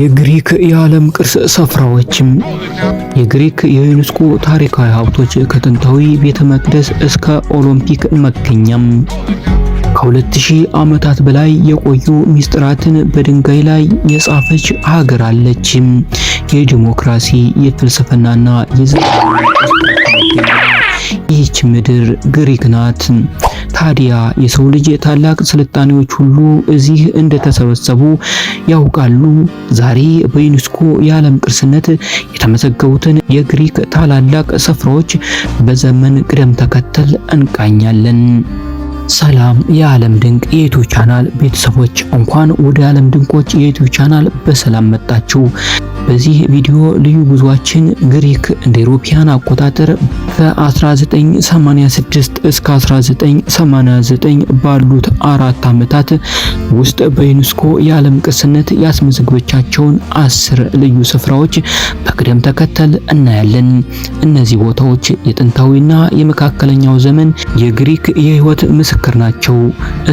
የግሪክ የዓለም ቅርስ ስፍራዎችም የግሪክ የዩኔስኮ ታሪካዊ ሀብቶች ከጥንታዊ ቤተ መቅደስ እስከ ኦሎምፒክ መገኛም ከ2000 ዓመታት በላይ የቆዩ ሚስጥራትን በድንጋይ ላይ የጻፈች ሀገር አለች። የዲሞክራሲ የፍልስፍናና የዘመናዊ ይህች ምድር ግሪክ ናት። ታዲያ የሰው ልጅ ታላቅ ስልጣኔዎች ሁሉ እዚህ እንደተሰበሰቡ ያውቃሉ። ዛሬ በዩኔስኮ የዓለም ቅርስነት የተመዘገቡትን የግሪክ ታላላቅ ስፍራዎች በዘመን ቅደም ተከተል እንቃኛለን። ሰላም የዓለም ድንቅ የዩቲዩብ ቻናል ቤተሰቦች፣ እንኳን ወደ ዓለም ድንቆች የዩቲዩብ ቻናል በሰላም መጣችሁ። በዚህ ቪዲዮ ልዩ ጉዟችን ግሪክ እንደ ኢሮፒያን አቆጣጠር ከ1986 እስከ 1989 ባሉት አራት ዓመታት ውስጥ በዩኔስኮ የዓለም ቅርስነት ያስመዘግበቻቸውን አስር ልዩ ስፍራዎች በቅደም ተከተል እናያለን። እነዚህ ቦታዎች የጥንታዊና የመካከለኛው ዘመን የግሪክ የህይወት ምስክር ናቸው።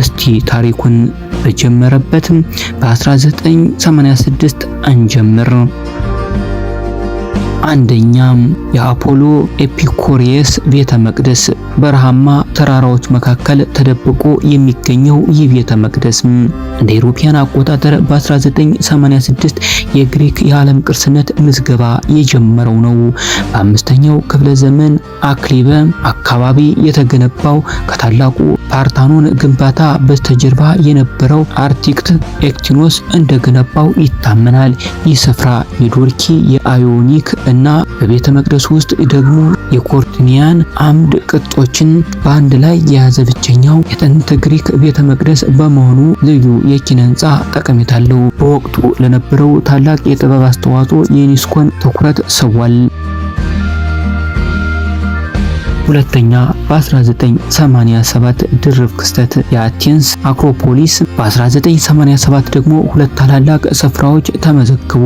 እስቲ ታሪኩን በጀመረበትም በ1986 አንጀምር አንደኛ የአፖሎ ኤፒኩሪየስ ቤተ መቅደስ በረሃማ ተራራዎች መካከል ተደብቆ የሚገኘው ይህ ቤተ መቅደስ እንደ ኢሮፓያን አቆጣጠር በ1986 የግሪክ የዓለም ቅርስነት ምዝገባ የጀመረው ነው። በአምስተኛው ክፍለ ዘመን አክሊበ አካባቢ የተገነባው ከታላቁ ፓርታኖን ግንባታ በስተጀርባ የነበረው አርቲክት ኤክቲኖስ እንደገነባው ይታመናል። ይህ ስፍራ የዶርኪ የአዮኒክ እና በቤተ መቅደሱ ውስጥ ደግሞ የኮርቲኒያን አምድ ቅጦችን በአንድ ላይ የያዘ ብቸኛው የጥንት ግሪክ ቤተ መቅደስ በመሆኑ ልዩ የኪነ ህንፃ ጠቀሜታ አለው። በወቅቱ ለነበረው ታላቅ የጥበብ አስተዋጽኦ የዩኒስኮን ትኩረት ስቧል። ሁለተኛ በ1987 ድርብ ክስተት የአቴንስ አክሮፖሊስ በ1987 ደግሞ ሁለት ታላላቅ ስፍራዎች ተመዘግቡ።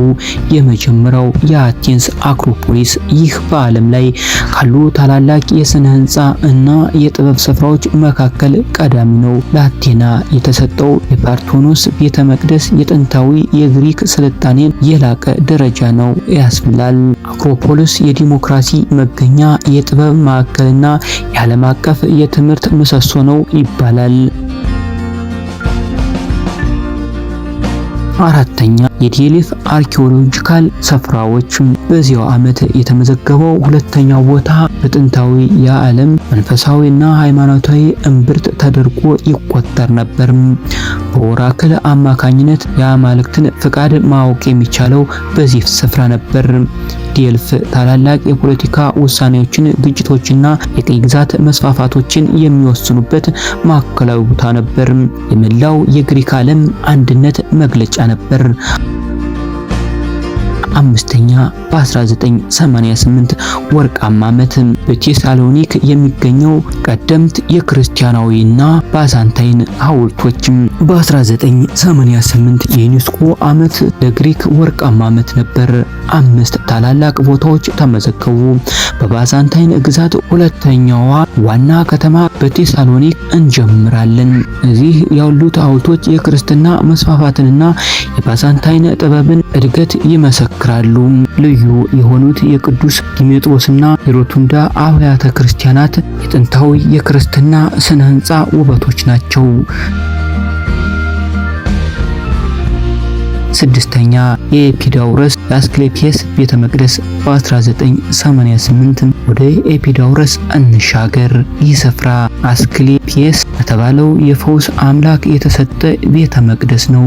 የመጀመሪያው የአቴንስ አክሮፖሊስ ይህ በዓለም ላይ ካሉ ታላላቅ የስነ ህንፃ እና የጥበብ ስፍራዎች መካከል ቀዳሚ ነው። ለአቴና የተሰጠው የፓርቶኖስ ቤተ መቅደስ የጥንታዊ የግሪክ ስልጣኔን የላቀ ደረጃ ነው ያስብላል። አክሮፖሊስ የዲሞክራሲ መገኛ፣ የጥበብ ማዕከል እና የዓለም አቀፍ የትምህርት ምሰሶ ነው ይባላል። አራተኛ የዲሊፍ አርኪኦሎጂካል ስፍራዎችም በዚያው ዓመት የተመዘገበው ሁለተኛው ቦታ በጥንታዊ የዓለም መንፈሳዊና ሃይማኖታዊ እምብርት ተደርጎ ይቆጠር ነበር። በኦራክል አማካኝነት የአማልክትን ፍቃድ ማወቅ የሚቻለው በዚህ ስፍራ ነበር። ዲልፍ ታላላቅ የፖለቲካ ውሳኔዎችን፣ ግጭቶችና የቅኝ ግዛት መስፋፋቶችን የሚወስኑበት ማዕከላዊ ቦታ ነበር። የመላው የግሪክ ዓለም አንድነት መግለጫ ነበር። አምስተኛ በ1988 ወርቃማ ዓመት በቴሳሎኒክ የሚገኘው ቀደምት የክርስቲያናዊና ባዛንታይን ሐውልቶችም በ1988 የዩኔስኮ ዓመት ለግሪክ ወርቃማ ዓመት ነበር። አምስት ታላላቅ ቦታዎች ተመዘገቡ። በባዛንታይን ግዛት ሁለተኛዋ ዋና ከተማ በቴሳሎኒክ እንጀምራለን። እዚህ ያሉት ሐውልቶች የክርስትና መስፋፋትንና የባዛንታይን ጥበብን እድገት ይመሰክራሉ። ልዩ የሆኑት የቅዱስ ዲሜጥሮስና የሮቱንዳ አብያተ ክርስቲያናት የጥንታዊ የክርስትና ስነ ሕንፃ ውበቶች ናቸው። ስድስተኛ የኤፒዳውረስ የአስክሌፒየስ ቤተ መቅደስ በ1988 ወደ ኤፒዳውረስ እንሻገር። ይህ ስፍራ አስክሌፒየስ ከተባለው የፈውስ አምላክ የተሰጠ ቤተ መቅደስ ነው።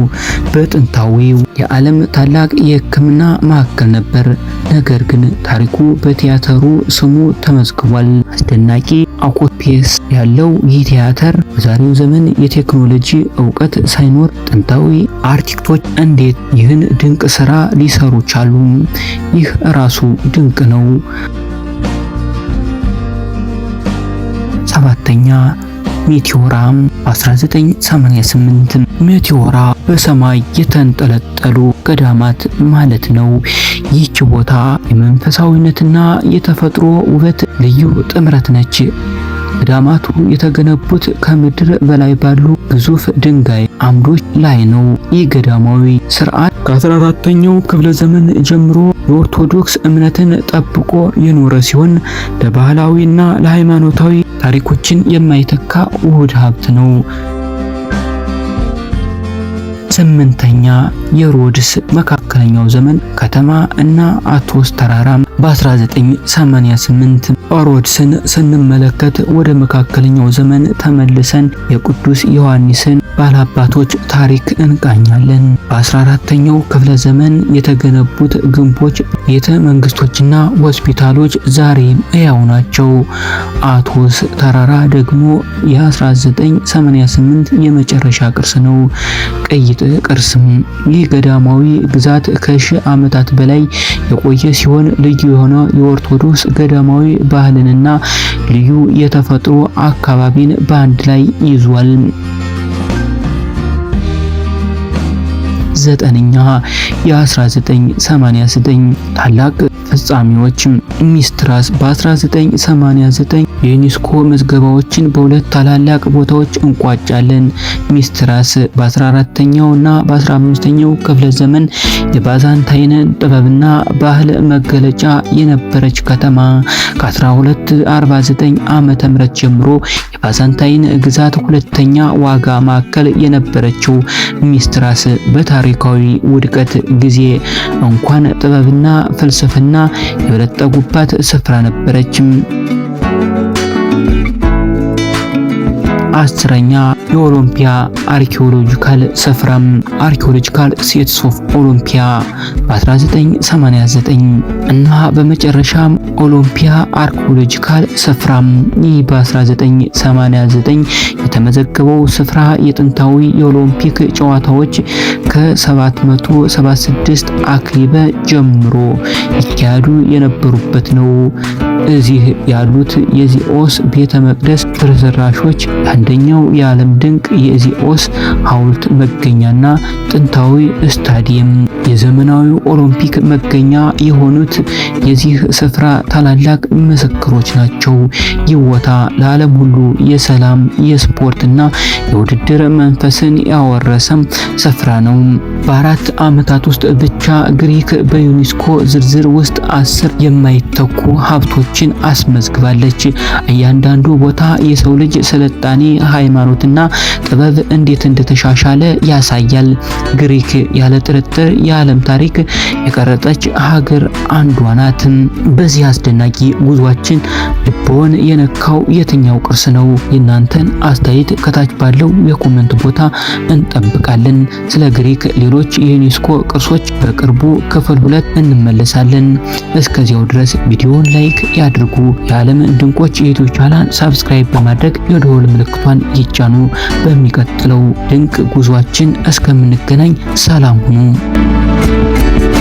በጥንታዊው የዓለም ታላቅ የሕክምና ማዕከል ነበር። ነገር ግን ታሪኩ በቲያተሩ ስሙ ተመዝግቧል። አስደናቂ አኮፒስ ያለው ይህ ቲያትር በዛሬው ዘመን የቴክኖሎጂ እውቀት ሳይኖር ጥንታዊ አርቲክቶች እንዴት ይህን ድንቅ ስራ ሊሰሩ ቻሉ? ይህ ራሱ ድንቅ ነው። ሰባተኛ ሜቴዎራም 1988 ሜቴዎራ በሰማይ የተንጠለጠሉ ገዳማት ማለት ነው። ይህች ቦታ የመንፈሳዊነትና የተፈጥሮ ውበት ልዩ ጥምረት ነች። ገዳማቱ የተገነቡት ከምድር በላይ ባሉ ግዙፍ ድንጋይ አምዶች ላይ ነው። ይህ ገዳማዊ ስርዓት ከ14ኛው ክፍለ ዘመን ጀምሮ የኦርቶዶክስ እምነትን ጠብቆ የኖረ ሲሆን ለባህላዊና ለሃይማኖታዊ ታሪኮችን የማይተካ ውህድ ሀብት ነው። ስምንተኛ የሮድስ መካከለኛው ዘመን ከተማ እና አቶስ ተራራ። በ1988 ኦሮድስን ስንመለከት ወደ መካከለኛው ዘመን ተመልሰን የቅዱስ ዮሐንስን ባላባቶች ታሪክ እንቃኛለን። በ14ተኛው ክፍለ ዘመን የተገነቡት ግንቦች፣ ቤተ መንግስቶችና ሆስፒታሎች ዛሬም እያው ናቸው። አቶስ ተራራ ደግሞ የ1988 የመጨረሻ ቅርስ ነው። ቅይጥ ቅርስም ይህ ገዳማዊ ግዛት ከሺህ ዓመታት በላይ የቆየ ሲሆን ልዩ የሆነ የኦርቶዶክስ ገዳማዊ ባህልንና ልዩ የተፈጥሮ አካባቢን በአንድ ላይ ይዟል። ዘጠነኛ የ1989 ታላቅ አስፈጻሚዎችም ሚስትራስ በ1989 የዩኒስኮ መዝገባዎችን በሁለት ታላላቅ ቦታዎች እንቋጫለን። ሚስትራስ በ14ኛው እና በ15ኛው ክፍለ ዘመን የባዛንታይን ጥበብና ባህል መገለጫ የነበረች ከተማ ከ1249 ዓመተ ምህረት ጀምሮ የባዛንታይን ግዛት ሁለተኛ ዋጋ ማዕከል የነበረችው ሚስትራስ በታሪካዊ ውድቀት ጊዜ እንኳን ጥበብና ፍልስፍና የበለጠጉባት ስፍራ ነበረችም። አስረኛ የኦሎምፒያ አርኪኦሎጂካል ስፍራም አርኪኦሎጂካል ሲትስ ኦፍ ኦሎምፒያ በ1989 እና በመጨረሻም ኦሎምፒያ አርኪኦሎጂካል ስፍራም ይህ በ1989 የተመዘገበው ስፍራ የጥንታዊ የኦሎምፒክ ጨዋታዎች ከ776 አክሊበ ጀምሮ ይካሄዱ የነበሩበት ነው። እዚህ ያሉት የዚኦስ ቤተ መቅደስ ፍርስራሾች አንደኛው የዓለም ድንቅ የዚኦስ ሐውልት መገኛና ጥንታዊ ስታዲየም የዘመናዊ ኦሎምፒክ መገኛ የሆኑት የዚህ ስፍራ ታላላቅ ምስክሮች ናቸው። ይህ ቦታ ለዓለም ሁሉ የሰላም የስፖርትና የውድድር መንፈስን ያወረሰም ስፍራ ነው። በአራት ዓመታት ውስጥ ብቻ ግሪክ በዩኒስኮ ዝርዝር ውስጥ አስር የማይተኩ ሀብቶች ድሎችን አስመዝግባለች። እያንዳንዱ ቦታ የሰው ልጅ ስልጣኔ፣ ሃይማኖትና ጥበብ እንዴት እንደተሻሻለ ያሳያል። ግሪክ ያለ ጥርጥር የዓለም ታሪክ የቀረጠች ሀገር አንዷ ናት። በዚህ አስደናቂ ጉዟችን ልቦን የነካው የትኛው ቅርስ ነው? የእናንተን አስተያየት ከታች ባለው የኮሜንት ቦታ እንጠብቃለን። ስለ ግሪክ ሌሎች የዩኔስኮ ቅርሶች በቅርቡ ክፍል ሁለት እንመለሳለን። እስከዚያው ድረስ ቪዲዮውን ላይክ ያድርጉ። የዓለም ድንቆች የዩቲዩብ ቻናል ሳብስክራይብ በማድረግ የደወል ምልክቷን ይጫኑ። በሚቀጥለው ድንቅ ጉዟችን እስከምንገናኝ ሰላም ሁኑ።